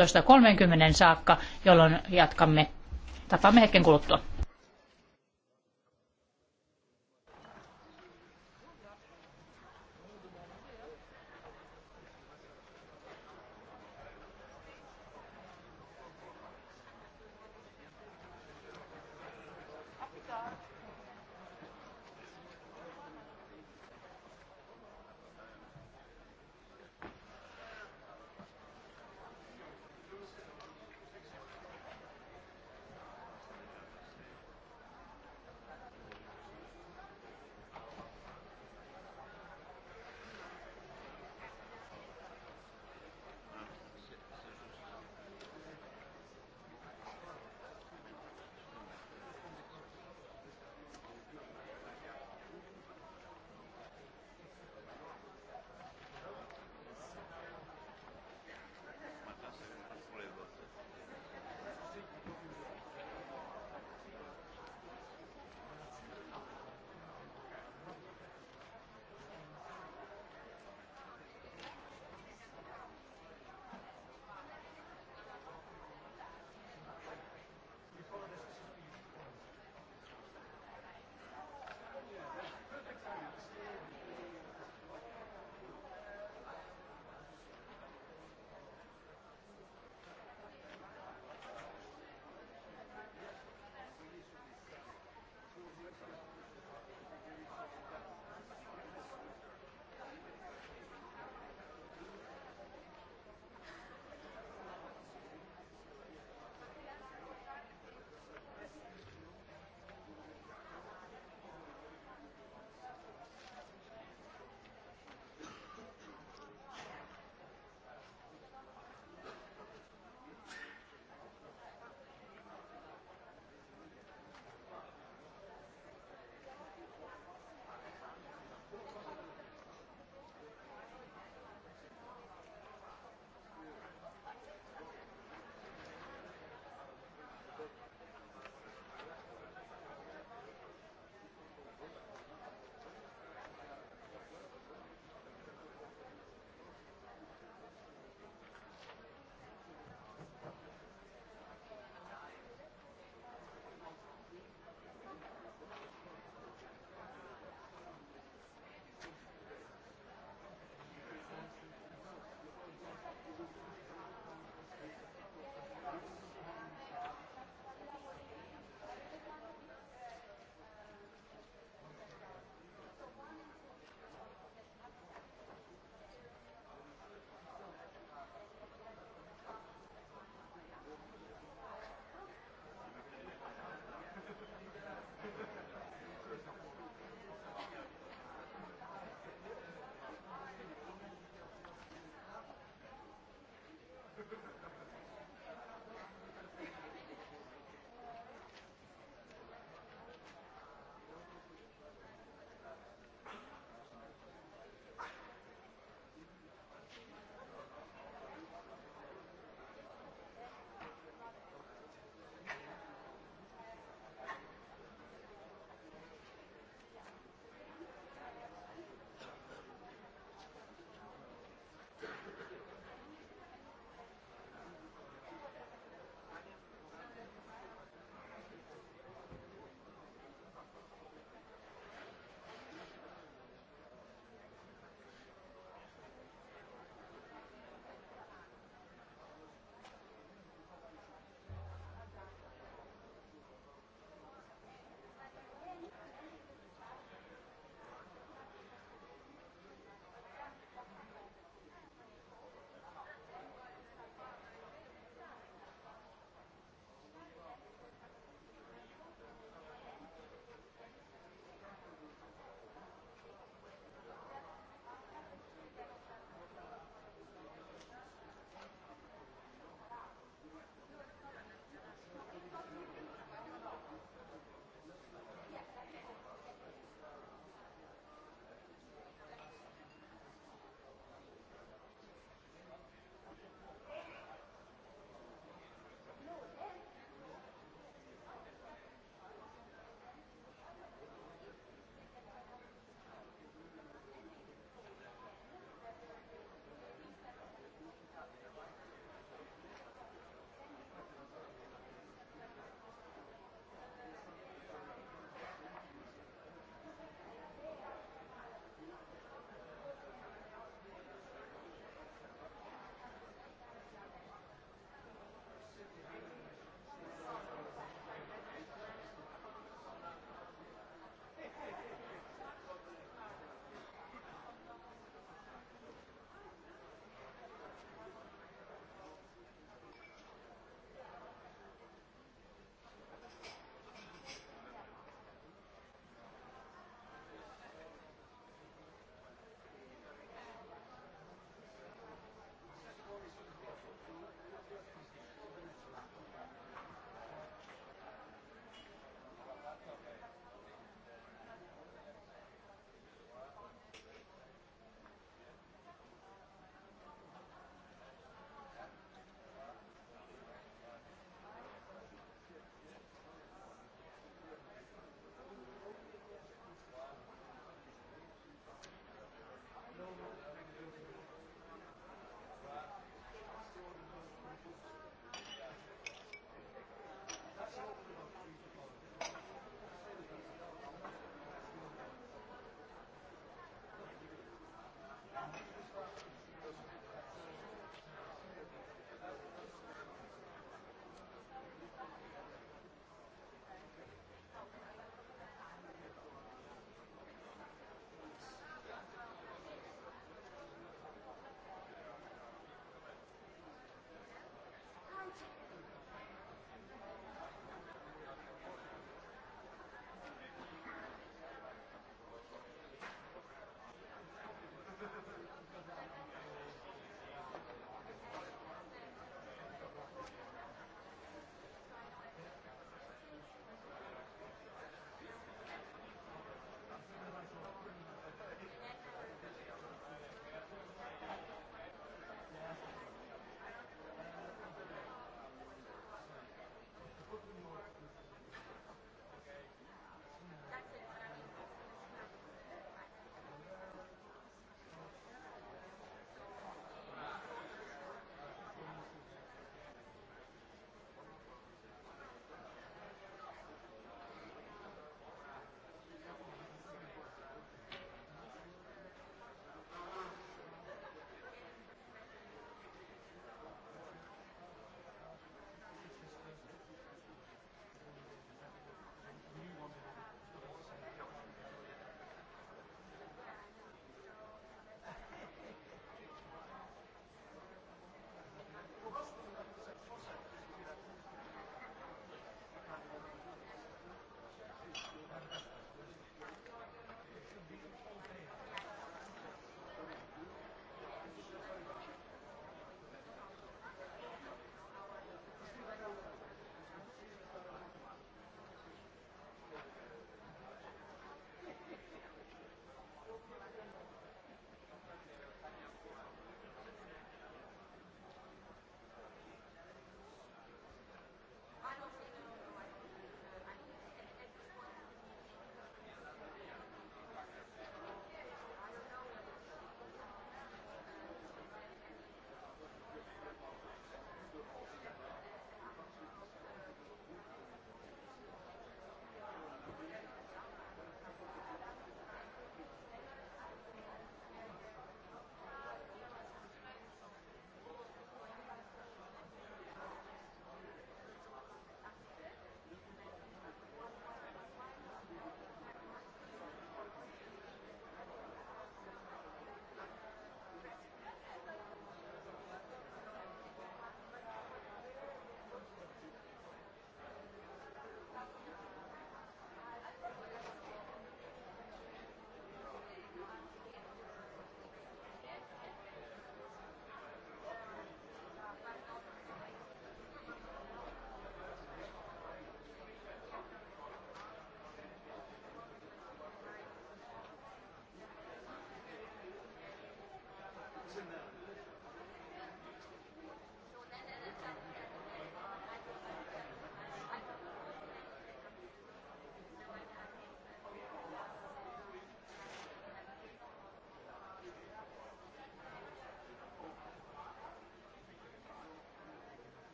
11.30 saakka, jolloin jatkamme. Tapaamme hetken kuluttua.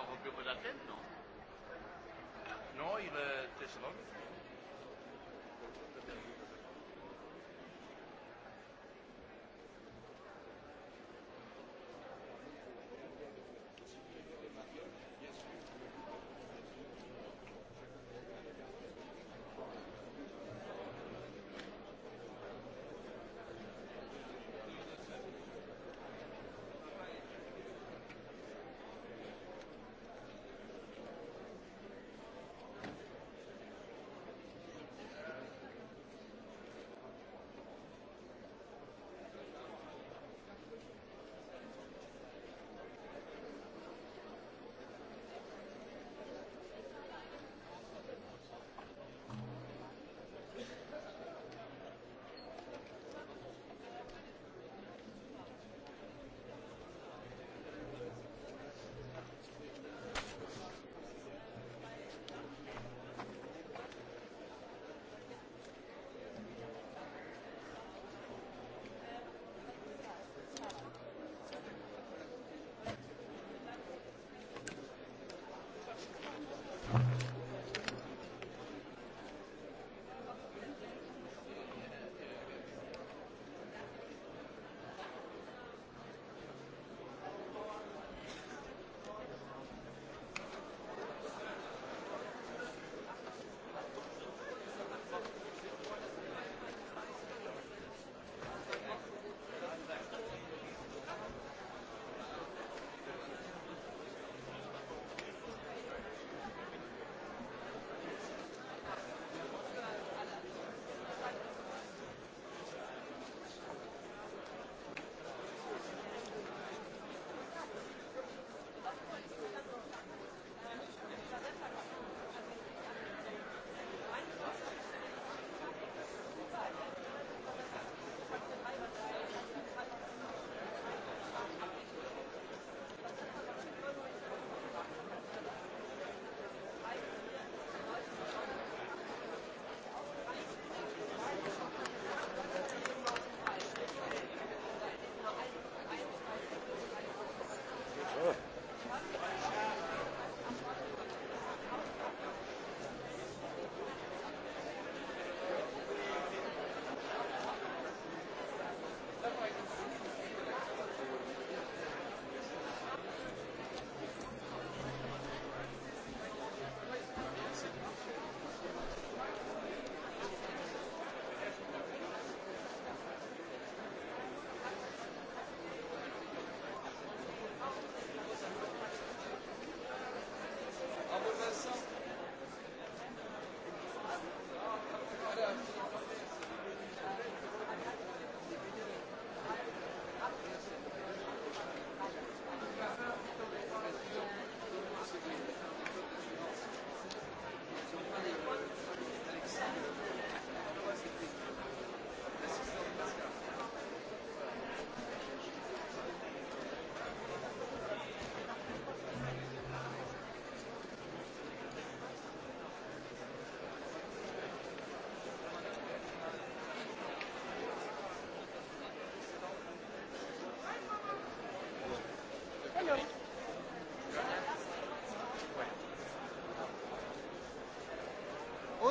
proprio per l'Atenno. Noi, eh, Thessaloniki.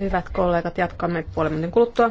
Hyvät kollegat, jatkamme puolen minuutin kuluttua.